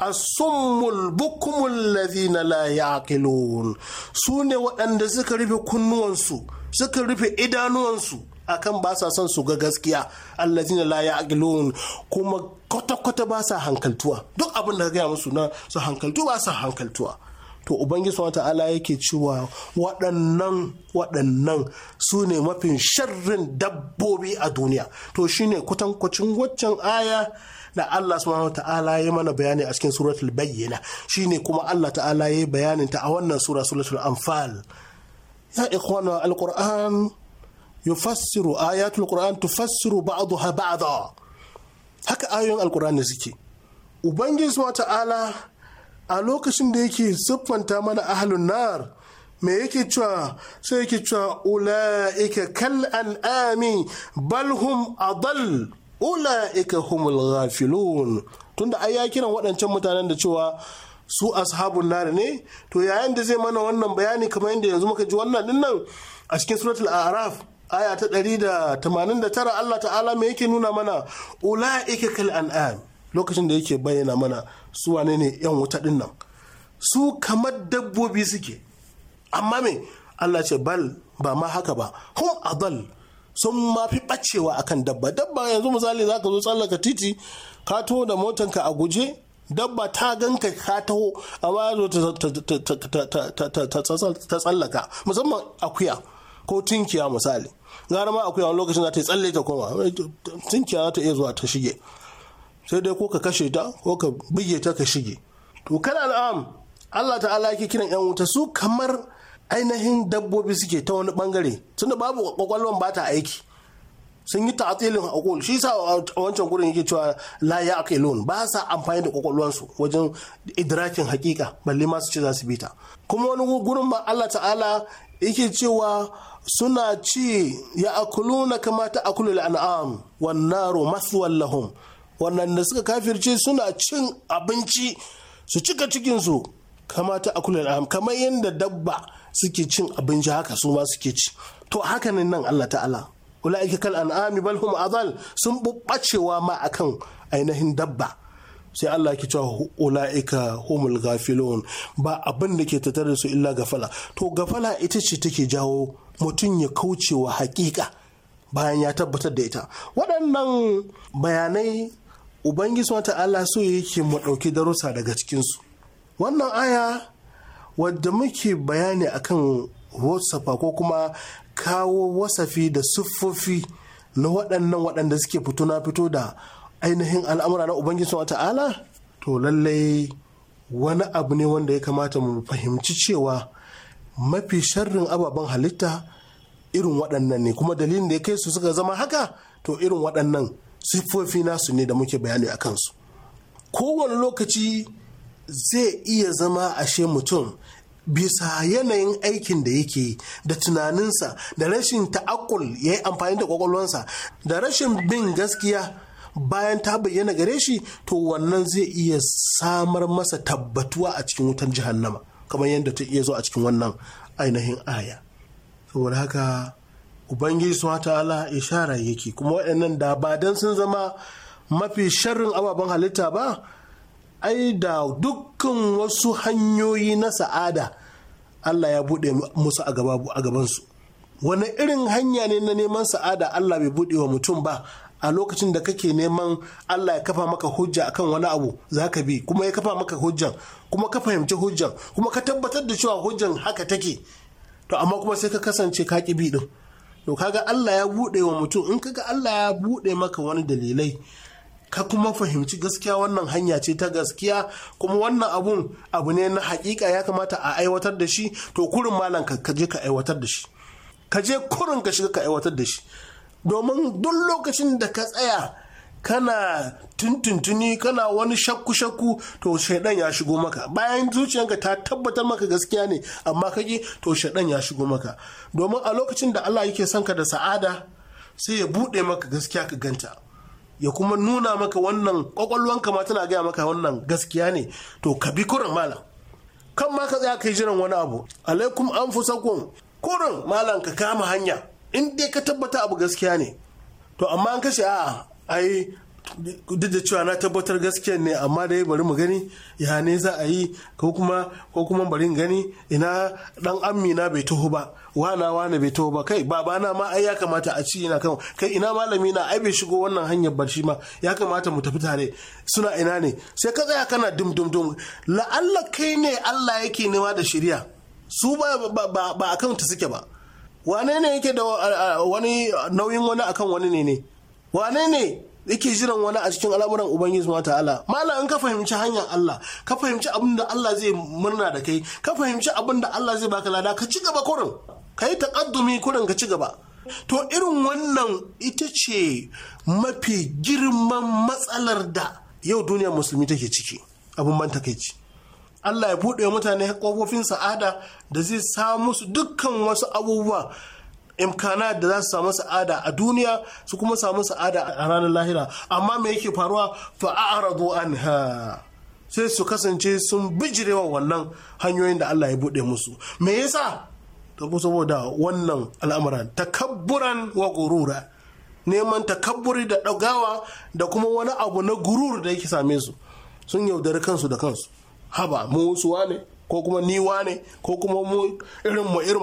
asummul bukumul ladhina la yaqilun su ne waɗanda suka rufe kunnuwansu suka rufe idanuwansu akan ba sa son su ga gaskiya allazina la aqilun kuma kwata-kwata ba sa hankaltuwa duk abin da gaya musu na su hankaltu ba sa hankaltuwa to ubangiji wa ta'ala yake cewa waɗannan waɗannan su ne mafin sharrin dabbobi a duniya to shine kwatankwacin waccan aya da Allah subhanahu ta'ala ya mana bayani a cikin suratul bayyina shine kuma Allah ta'ala ya bayanin ta a wannan sura suratul anfal ya ikhwana alquran yufassiru ayatul qur'an tufassiru ba'daha ba'da haka ayoyin alqur'ani suke ubangiji subhanahu ta'ala a lokacin da yake siffanta mana ahlun nar me yake cewa sai yake cewa ula'ika kal an'ami bal hum adal ula'ika humul ghafilun tunda ai kiran waɗancan mutanen da cewa su ashabun nar ne to yayin da zai mana wannan bayani kamar yadda yanzu ka ji wannan dinnan a cikin suratul a'raf aya ta ɗari tara, Allah ta'ala me yake nuna mana ula'ika kal an'am lokacin da yake bayyana mana su wane ne yan wuta din nan su kamar dabbobi suke amma me Allah ce bal ba ma haka ba hum adal sun ma fi bacewa akan dabba dabba yanzu misali zaka zo tsallaka titi ka taho da motanka a guje dabba ta ganka ka taho amma zo ta tsallaka musamman akuya ko tunkiya misali gara ma akwai wani lokacin za ta yi tsalle ta koma tsinkiya za ta iya zuwa ta shige sai dai ko ka kashe ta ko ka buge ta ka shige to kana na'am Allah ta'ala yake kiran yan wuta su kamar ainihin dabbobi suke ta wani bangare tunda babu kwakwalwan ba ta aiki sun yi ta'atilin aqul shi sa a wancan gurin yake cewa la ya aqilun ba sa amfani da kwakwalwansu wajen idrakin hakika balle ma su ce za su bi ta kuma wani gurin ma Allah ta'ala yake cewa suna ci ya akuluna kamata akulul an'am wan naru masu lahum wannan da suka kafirce suna cin abinci su cika cikinsu kamata a akulul an'am kamar yadda dabba suke cin abinci haka su ma suke ci to haka ne nan Allah ta'ala ulaika kal an'ami bal hum adal sun bubbacewa ma akan ainihin dabba sai Allah ke cewa ula'ika humul gafilun ba abin da ke tattare da su illa gafala to gafala ita ce take jawo mutum ya kauce wa hakika bayan ya tabbatar da ita waɗannan bayanai ubangiji wata Allah so yake mu ɗauki darussa daga cikinsu wannan aya wadda muke bayani akan WhatsApp ko kuma kawo wasafi da siffofi na waɗannan waɗanda suke fito na fito da ainihin al'amura na ubangiji wata ta'ala to lallai wani abu ne wanda ya kamata mu fahimci cewa mafi sharrin ababen halitta irin waɗannan ne kuma dalilin da ya kai su suka zama haka to irin waɗannan siffofi nasu ne da muke bayani a kansu kowane lokaci zai iya zama ashe mutum bisa yanayin aikin da yake da tunaninsa da rashin ta'akul ya yi amfani da kwakwalwansa da rashin bin gaskiya bayan ta bayyana gare shi to wannan zai iya samar masa tabbatuwa a cikin wutar jihannama. kamar yadda ta iya zo a cikin wannan ainihin aya saboda haka ubangiji su ta'ala ishara yake kuma waɗannan da ba dan sun zama mafi sharrin ababen halitta ba ai da dukkan wasu hanyoyi na sa'ada Allah ya buɗe musu a gabansu wani irin hanya ne na neman sa'ada Allah bai buɗe wa mutum ba a lokacin da kake neman Allah ya kafa maka hujja akan wani abu za ka bi kuma ya kafa maka hujjan kuma ka fahimci hujjan kuma ka tabbatar da cewa hujjan haka take to amma kuma sai ka kasance ka ki bi din to kaga Allah ya bude wa mutum in kaga Allah ya bude maka wani dalilai ka kuma fahimci gaskiya wannan hanya ce ta gaskiya kuma wannan abun abu ne na hakika ya kamata a aiwatar da shi to kurin malam ka je ka aiwatar da shi ka je kurin ka shiga ka aiwatar da shi domin duk lokacin da ka tsaya kana tuntuntuni kana wani shakku-shakku to shaidan ya shigo maka bayan zuciyanka ta tabbatar maka gaskiya ne amma kake to shaidan ya shigo maka domin a lokacin da Allah yake sanka da sa'ada sai ya buɗe maka gaskiya ka ganta ya kuma nuna maka wannan kwakwalwanka ma tana gaya maka wannan gaskiya ne to ka bi kurin malam kan ma ka tsaya kai jiran wani abu alaikum anfusakum kurin malam ka kama hanya in dai ka tabbata abu gaskiya ne to amma an kashe a ai duk da cewa na tabbatar gaskiya ne amma dai bari mu gani ya ne za a yi ko kuma bari mu gani ina dan amina bai taho ba wana wana bai taho ba kai babana ma ai ya kamata a ci ina kan kai ina malami na ai bai shigo wannan hanyar barci ma ya kamata mu tafi tare suna ina ne sai ka tsaya kana dum dum dum la'alla kai ne Allah yake nema da shari'a su ba ba akan ta suke ba wane ne yake da wani nauyin wani akan wani ne ne wane ne yake jiran wani a cikin al'amuran ubangiji subhanahu ta'ala mala in ka fahimci hanyar Allah ka fahimci abin da Allah zai murna da kai ka fahimci abin da Allah zai baka lada ka ci gaba kurin ka yi taƙaddumi kurin ka ci gaba to irin wannan ita ce mafi girman matsalar da yau duniya musulmi take ciki abin ban takaici Allah ya buɗe mutane ƙofofin sa'ada da zai samu su dukkan wasu abubuwa imkana da za su samu sa'ada a duniya su kuma samu sa'ada a ranar lahira amma mai yake faruwa fa'aradu anha sai su kasance sun bijirewa wannan hanyoyin da Allah ya buɗe musu me yasa saboda wannan al'amuran takabburan wa gurura neman takabburi da ɗagawa da kuma wani abu na gurur da yake same su sun yaudari kansu da kansu haba mu suwa ne ko kuma niwa ne ko kuma mu irin mu irin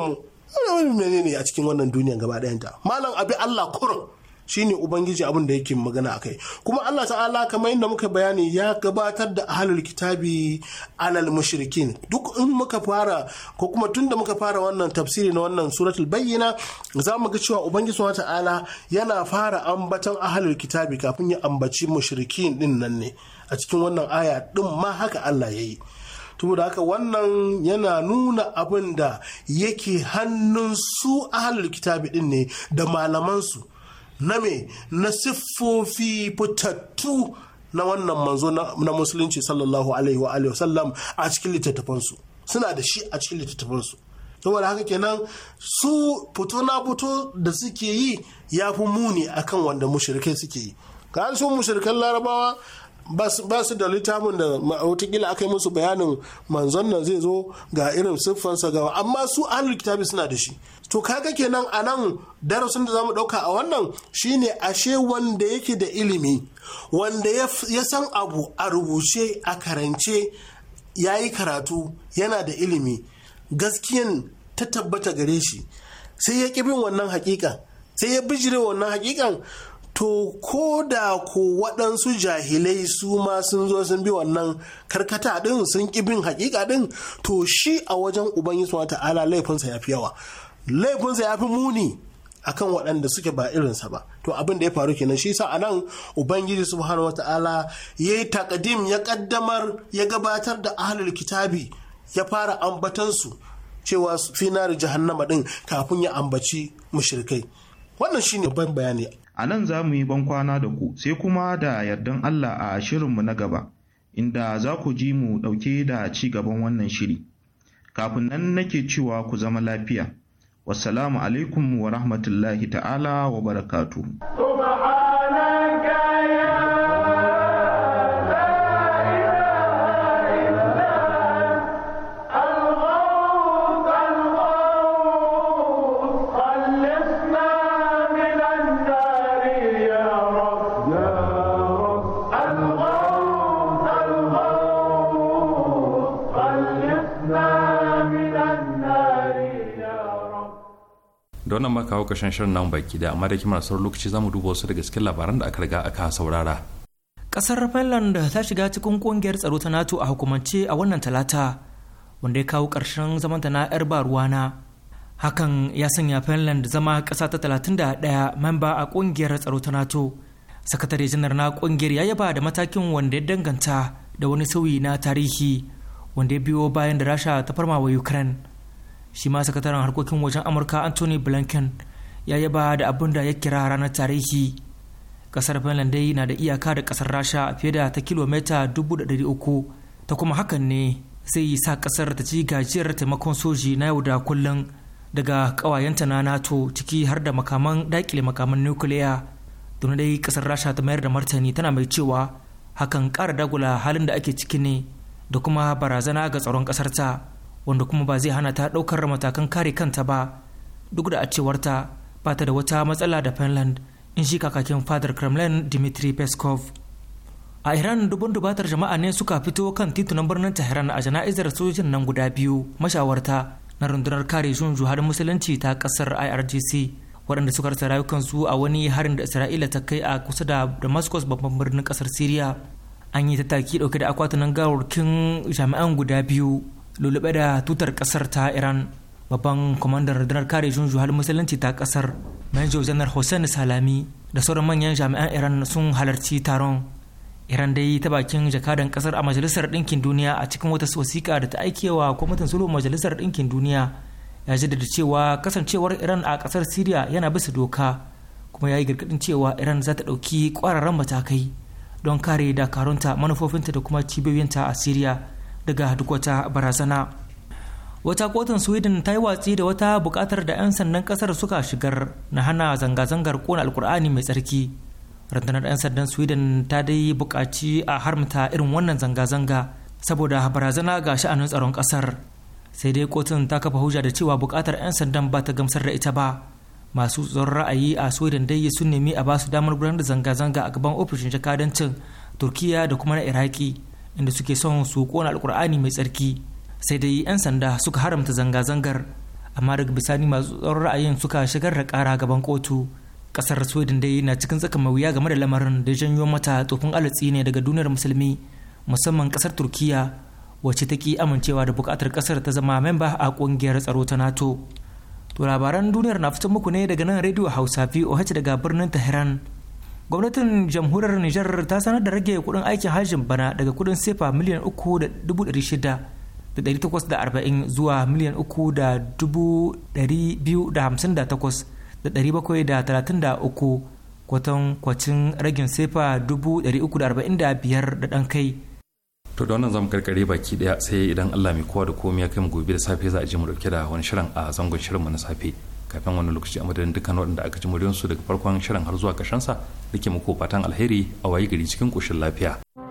mu menene ne a cikin wannan duniya gaba ta. malam abi Allah shi shine ubangiji abin da yake magana akai kuma Allah ta'ala kamar yadda muka bayani ya gabatar da ahlul kitabi alal mushrikin duk in muka fara ko kuma tunda muka fara wannan tafsiri na wannan suratul bayyina za mu ga cewa ubangiji subhanahu ta'ala yana fara ambaton ahlul kitabi kafin ya ambaci mushrikin din nan ne a cikin wannan aya ɗin ma haka Allah ya yi da haka wannan yana nuna abin da yake hannun su a halin kitabi ɗin ne da malamansu na me na siffofi fitattu na wannan manzo na musulunci sallallahu alaihi wa alihi wasallam a cikin littattafansu suna da shi a cikin littattafansu saboda haka kenan su fito na fito da suke yi ya fi muni akan wanda mushrikai suke yi ka an so mushrikan larabawa ba su da littafin da watakila aka yi musu bayanin manzon nan zai zo ga irin siffansa gawa amma su ahlul kitabi suna da shi to kaga kenan a nan darasin da zamu ɗauka a wannan shine ashe wanda yake da ilimi wanda ya san abu a rubuce a karance ya yi karatu yana da ilimi gaskiyan ta tabbata gare shi sai ya ƙi bin wannan hakika sai ya bijire wannan hakikan to ko da ko waɗansu jahilai su ma sun zo sun bi wannan karkata ɗin sun ƙi bin hakika ɗin to shi a wajen ubangiji wata ta'ala laifinsa ya fi yawa laifinsa ya fi muni akan waɗanda suke ba irinsa ba to abin da ya faru kenan shi sa a nan ubangiji subhanahu wata'ala ya yi takadim ya ƙaddamar ya gabatar da ahlul kitabi ya fara ambatansu cewa finari jahannama ɗin kafin ya ambaci mushrikai wannan shine babban bayani A nan za mu yi bankwana da ku sai kuma da yardan Allah a shirinmu na gaba, inda za ku ji mu ɗauke da ci gaban wannan shiri. Kafin nan nake cewa ku zama lafiya. Wassalamu alaikum wa rahmatullahi ta'ala wa barakatuhu. kawo ƙarshen shirin nan baki da amma da kima sauran lokaci zamu duba wasu daga cikin labaran da aka riga aka saurara kasar finland ta shiga cikin kungiyar tsaro ta nato a hukumance a wannan talata wanda ya kawo ƙarshen zamanta na 'yar ba ruwana hakan ya sanya finland zama ƙasa ta 31 memba a ƙungiyar tsaro ta nato sakatare janar na ƙungiyar ya yaba da matakin wanda ya danganta da wani sauyi na tarihi wanda ya biyo bayan da rasha ta farma wa ukraine shi ma sakataren harkokin wajen amurka anthony blinken ya yaba da abin da ya kira ranar tarihi kasar finland dai na da iyaka da kasar rasha fiye da ta kilomita 300 ta kuma hakan ne zai sa kasar ta ci gajiyar taimakon soji na yau da kullum daga kawayenta na nato ciki har da makaman dakile makaman nukiliya don dai kasar rasha ta mayar da martani tana mai cewa hakan kara dagula halin da ake ciki ne da kuma barazana ga tsaron kasar ta wanda kuma ba zai hana ta ɗaukar matakan kare kanta ba duk da a cewarta ba ta da wata matsala da finland in shi kakakin fadar kremlin dmitry peskov a iran dubun dubatar jama'a ne suka fito kan titunan birnin tehran a jana'izar sojojin nan guda biyu mashawarta na rundunar kare shun juhar musulunci ta kasar irgc waɗanda suka rasa rayukansu a wani harin da isra'ila ta kai a kusa da damascus babban birnin kasar syria an yi tattaki ɗauke da akwatunan gawarkin jami'an guda biyu lulluɓe da tutar ƙasar ta iran babban kwamandar rundunar kare junjuhar musulunci ta ƙasar major janar hussein salami da sauran manyan jami'an iran sun halarci taron iran dai ta bakin jakadan ƙasar a majalisar ɗinkin duniya a cikin wata wasiƙa da ta aikewa kwamitin sulhu majalisar ɗinkin duniya ya jaddada cewa kasancewar iran a ƙasar syria yana bisa doka kuma ya yi gargaɗin cewa iran za ta ɗauki ƙwararren matakai don kare dakarunta manufofinta da kuma cibiyoyinta a syria daga duk wata barazana wata kotun sweden ta yi watsi da wata bukatar da 'yan sandan kasar suka shigar na hana zanga-zangar kona alkur'ani mai tsarki Rantanar 'yan sandan sweden ta dai bukaci a harmata irin wannan zanga-zanga saboda barazana ga sha'anin tsaron kasar sai dai kotun ta kafa hujja da cewa bukatar 'yan sandan ba ta gamsar da ita ba masu tsoron ra'ayi a sweden dai sun nemi a basu damar gudanar da zanga-zanga a gaban ofishin jakadancin turkiya da kuma na iraki inda suke son su kona alkur'ani mai tsarki sai dai 'yan sanda suka haramta zanga-zangar amma daga bisani masu tsaron ra'ayin suka shigar da kara gaban kotu kasar sweden dai na cikin tsaka mawuya game da lamarin da janyo mata tsofin alatsi ne daga duniyar musulmi musamman kasar turkiya wacce ta ki amincewa da bukatar kasar ta zama memba a kungiyar tsaro ta nato to labaran duniyar na fitan muku ne daga nan rediyo hausa voh daga birnin tehran gwamnatin jamhuriyar niger ta sanar da rage kudin aikin hajjin bana daga kudin sefa miliyan 3,600,840 zuwa miliyan 3,258,733 kwatan kwacin ragin sefa 345 da ɗan kai to da wannan zamu karkare baki daya sai idan Allah mai kowa da komai ya kai mu gobe da safe za a je mu dauke da wani shirin a zangon shirin mu na safe kafin wani lokaci a madadin dukkan waɗanda aka ji muryansu daga farkon shirin har zuwa ƙashensa da ke muku fatan alheri a wayi gari cikin ƙoshin lafiya.